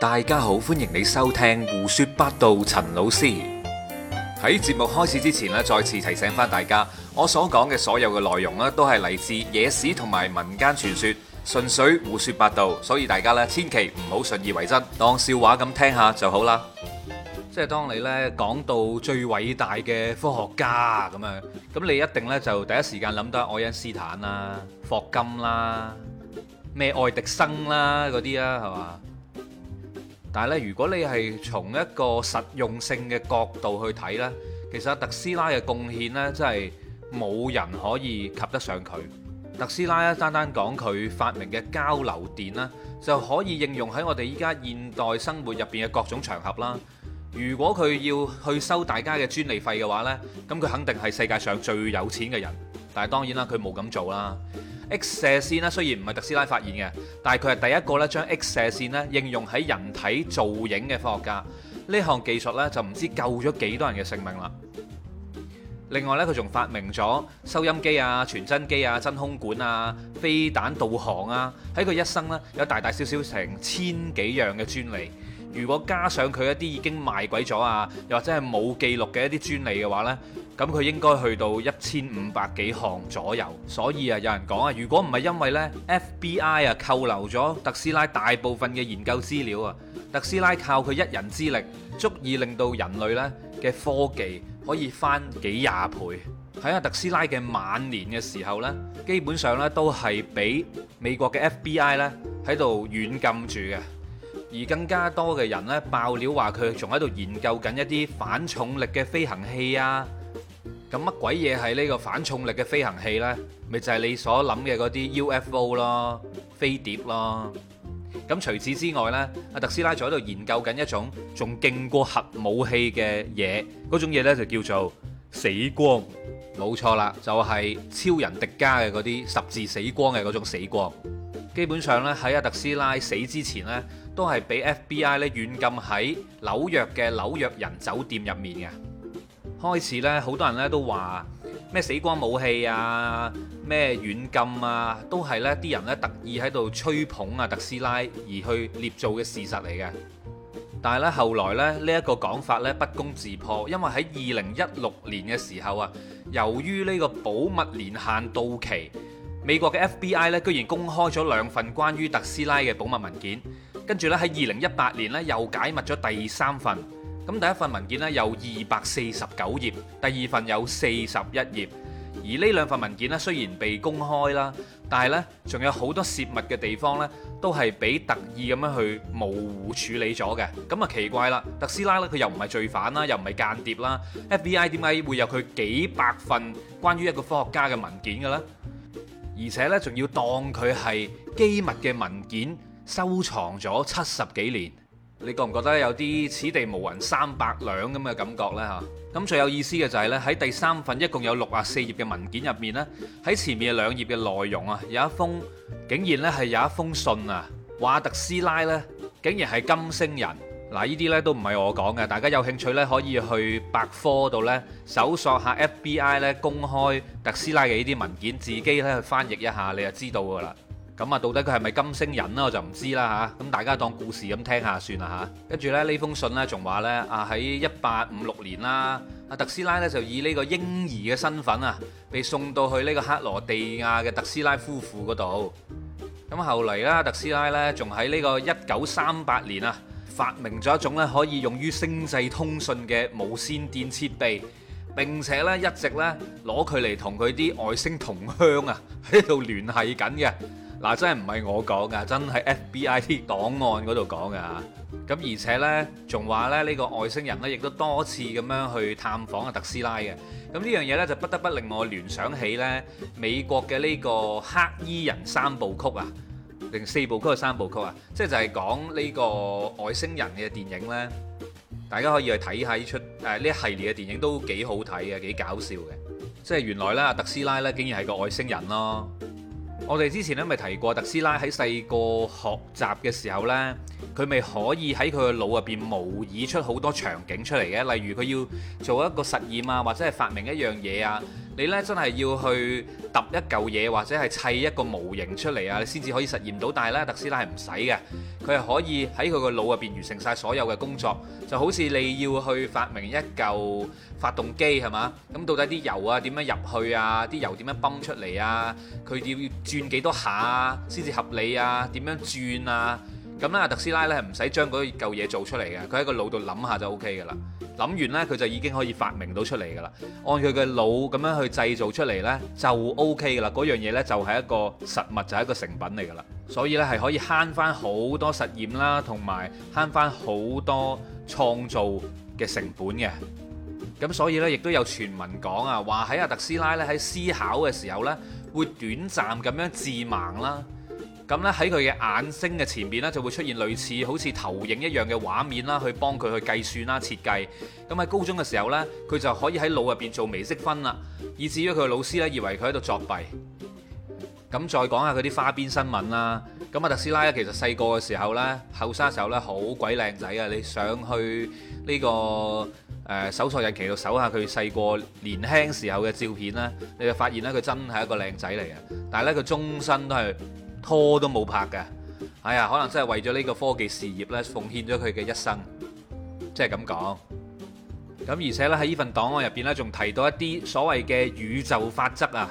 大家好，歡迎你收聽胡說八道。陳老師喺節目開始之前咧，再次提醒翻大家，我所講嘅所有嘅內容咧，都係嚟自野史同埋民間傳說，純粹胡說八道，所以大家咧千祈唔好信以為真，當笑話咁聽下就好啦。即係當你咧講到最偉大嘅科學家啊，咁樣咁你一定咧就第一時間諗到愛因斯坦啦、霍金啦、咩愛迪生啦嗰啲啊，係嘛？但係咧，如果你係從一個實用性嘅角度去睇咧，其實特斯拉嘅貢獻咧，真係冇人可以及得上佢。特斯拉啊，單單講佢發明嘅交流電啦，就可以應用喺我哋依家現代生活入邊嘅各種場合啦。如果佢要去收大家嘅專利費嘅話咧，咁佢肯定係世界上最有錢嘅人。但係當然啦，佢冇咁做啦。X 射線啦，雖然唔係特斯拉發現嘅，但係佢係第一個咧將 X 射線咧應用喺人體造影嘅科學家。呢項技術咧就唔知救咗幾多人嘅性命啦。另外咧，佢仲發明咗收音機啊、傳真機啊、真空管啊、飛彈導航啊。喺佢一生咧有大大小小成千幾樣嘅專利。如果加上佢一啲已經賣鬼咗啊，又或者係冇記錄嘅一啲專利嘅話咧。咁佢應該去到一千五百幾項左右，所以啊，有人講啊，如果唔係因為咧 FBI 啊扣留咗特斯拉大部分嘅研究資料啊，特斯拉靠佢一人之力，足以令到人類咧嘅科技可以翻幾廿倍。喺阿特斯拉嘅晚年嘅時候咧，基本上咧都係俾美國嘅 FBI 咧喺度軟禁住嘅，而更加多嘅人咧爆料話佢仲喺度研究緊一啲反重力嘅飛行器啊。咁乜鬼嘢係呢個反重力嘅飛行器呢？咪就係你所諗嘅嗰啲 UFO 咯、飛碟咯。咁除此之外呢，阿特斯拉仲喺度研究緊一種仲勁過核武器嘅嘢，嗰種嘢呢就叫做死光。冇錯啦，就係超人迪迦嘅嗰啲十字死光嘅嗰種死光。基本上呢，喺阿特斯拉死之前呢，都係俾 FBI 咧軟禁喺紐約嘅紐約人酒店入面嘅。開始咧，好多人咧都話咩死光武器啊，咩軟禁啊，都係咧啲人咧特意喺度吹捧啊特斯拉而去捏造嘅事實嚟嘅。但係咧後來咧呢一個講法咧不攻自破，因為喺二零一六年嘅時候啊，由於呢個保密年限到期，美國嘅 FBI 咧居然公開咗兩份關於特斯拉嘅保密文件，跟住咧喺二零一八年咧又解密咗第三份。咁第一份文件呢有二百四十九頁，第二份有四十一頁。而呢兩份文件呢雖然被公開啦，但係呢仲有好多洩密嘅地方呢，都係俾特意咁樣去模糊處理咗嘅。咁啊奇怪啦，特斯拉呢佢又唔係罪犯啦，又唔係間諜啦，FBI 點解會有佢幾百份關於一個科學家嘅文件嘅呢？而且呢仲要當佢係機密嘅文件收藏咗七十幾年。你覺唔覺得有啲此地無銀三百兩咁嘅感覺咧嚇？咁最有意思嘅就係咧喺第三份一共有六十四頁嘅文件入面咧，喺前面兩頁嘅內容啊，有一封竟然咧係有一封信啊，話特斯拉咧竟然係金星人嗱，依啲咧都唔係我講嘅，大家有興趣咧可以去百科度咧搜索下 FBI 咧公開特斯拉嘅依啲文件，自己咧去翻譯一下你就知道㗎啦。咁啊，到底佢係咪金星人呢？我就唔知啦嚇。咁大家當故事咁聽下算啦嚇。跟住咧呢封信咧，仲話呢，啊喺一八五六年啦，阿特斯拉咧就以呢個嬰兒嘅身份啊，被送到去呢個克羅地亞嘅特斯拉夫婦嗰度。咁後嚟呢，特斯拉咧仲喺呢個一九三八年啊，發明咗一種咧可以用於星際通訊嘅無線電設備，並且呢一直咧攞佢嚟同佢啲外星同鄉啊喺度聯繫緊嘅。嗱，真係唔係我講噶，真係 FBI 嘅檔案嗰度講噶。咁而且呢，仲話咧呢個外星人呢，亦都多次咁樣去探訪阿特斯拉嘅。咁呢樣嘢呢，就不得不令我聯想起呢美國嘅呢、呢個黑衣人三部曲啊，定四部曲啊，三部曲啊，即係就係講呢個外星人嘅電影呢。大家可以去睇下呢出誒呢、呃、系列嘅電影都幾好睇嘅，幾搞笑嘅。即係原來咧特斯拉呢，竟然係個外星人咯。我哋之前咧咪提過，特斯拉喺細個學習嘅時候呢，佢咪可以喺佢個腦入邊模擬出好多場景出嚟嘅，例如佢要做一個實驗啊，或者係發明一樣嘢啊。你咧真係要去揼一嚿嘢，或者係砌一個模型出嚟啊，你先至可以實驗到。但係咧，特斯拉係唔使嘅，佢係可以喺佢個腦入邊完成曬所有嘅工作。就好似你要去發明一嚿發動機係嘛？咁到底啲油啊點樣入去啊？啲油點樣泵出嚟啊？佢要轉幾多下先至合理啊？點樣轉啊？咁咧，特斯拉咧係唔使將嗰嚿嘢做出嚟嘅，佢喺個腦度諗下就 OK 噶啦。諗完呢，佢就已經可以發明到出嚟噶啦。按佢嘅腦咁樣去製造出嚟呢，就 OK 噶啦。嗰樣嘢呢，就係一個實物，就係一個成品嚟噶啦。所以呢，係可以慳翻好多實驗啦，同埋慳翻好多創造嘅成本嘅。咁所以呢，亦都有傳聞講啊，話喺阿特斯拉呢，喺思考嘅時候呢，會短暫咁樣自盲啦。咁咧喺佢嘅眼睛嘅前面咧，就會出現類似好似投影一樣嘅畫面啦，去幫佢去計算啦、設計。咁喺高中嘅時候呢，佢就可以喺腦入邊做微積分啦，以至於佢老師呢，以為佢喺度作弊。咁再講下佢啲花邊新聞啦。咁阿特斯拉咧，其實細個嘅時候呢，後生嘅時候呢，好鬼靚仔啊！你上去呢、這個誒、呃、搜索日期度搜下佢細個年輕時候嘅照片呢，你就發現呢，佢真係一個靚仔嚟嘅。但係呢，佢終身都係，拖都冇拍㗎，哎呀，可能真係為咗呢個科技事業咧，奉獻咗佢嘅一生，即係咁講。咁而且咧喺呢份檔案入邊咧，仲提到一啲所謂嘅宇宙法則啊。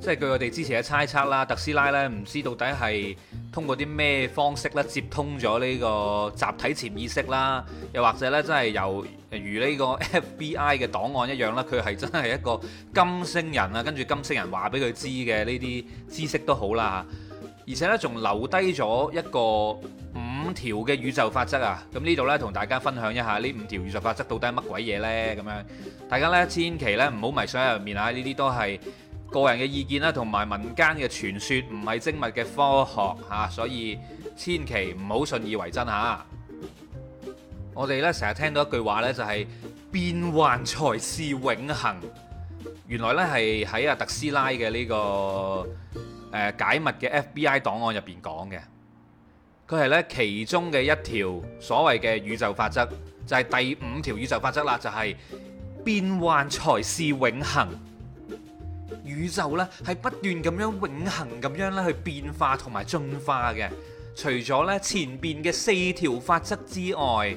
即係據我哋之前嘅猜測啦，特斯拉呢唔知到底係通過啲咩方式咧接通咗呢個集體潛意識啦，又或者呢真係由如呢個 FBI 嘅檔案一樣啦，佢係真係一個金星人啊，跟住金星人話俾佢知嘅呢啲知識都好啦。而且呢仲留低咗一個五條嘅宇宙法則啊。咁呢度呢，同大家分享一下呢五條宇宙法則到底係乜鬼嘢呢。咁樣大家呢千祈呢唔好迷信喺入面啊！呢啲都係～個人嘅意見啦，同埋民間嘅傳說唔係精密嘅科學嚇，所以千祈唔好信以為真嚇。我哋咧成日聽到一句話咧，就係、是、變幻才是永恆。原來咧係喺阿特斯拉嘅呢個解密嘅 FBI 檔案入邊講嘅，佢係咧其中嘅一條所謂嘅宇宙法則，就係、是、第五條宇宙法則啦，就係、是、變幻才是永恆。宇宙咧係不斷咁樣永恆咁樣咧去變化同埋進化嘅。除咗咧前邊嘅四條法則之外，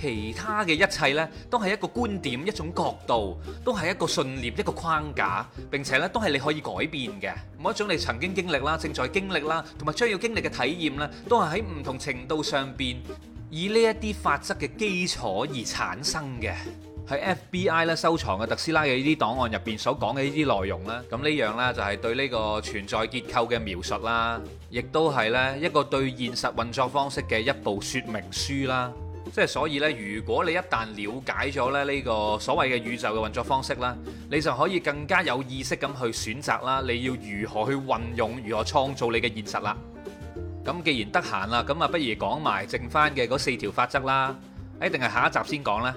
其他嘅一切咧都係一個觀點、一種角度，都係一個信念、一個框架。並且咧都係你可以改變嘅。每一種你曾經經歷啦、正在經歷啦，同埋將要經歷嘅體驗咧，都係喺唔同程度上邊以呢一啲法則嘅基礎而產生嘅。喺 FBI 咧收藏嘅特斯拉嘅呢啲檔案入邊所講嘅呢啲內容啦，咁呢樣呢，就係對呢個存在結構嘅描述啦，亦都係呢一個對現實運作方式嘅一部說明書啦。即係所以呢，如果你一旦了解咗咧呢個所謂嘅宇宙嘅運作方式啦，你就可以更加有意識咁去選擇啦，你要如何去運用、如何創造你嘅現實啦。咁既然得閒啦，咁啊，不如講埋剩返嘅嗰四條法則啦。哎，定係下一集先講咧？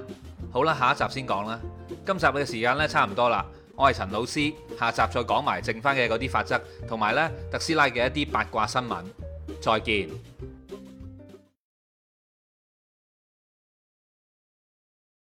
好啦，下一集先講啦。今集嘅時間呢，差唔多啦，我係陳老師，下集再講埋剩返嘅嗰啲法則同埋呢特斯拉嘅一啲八卦新聞。再見。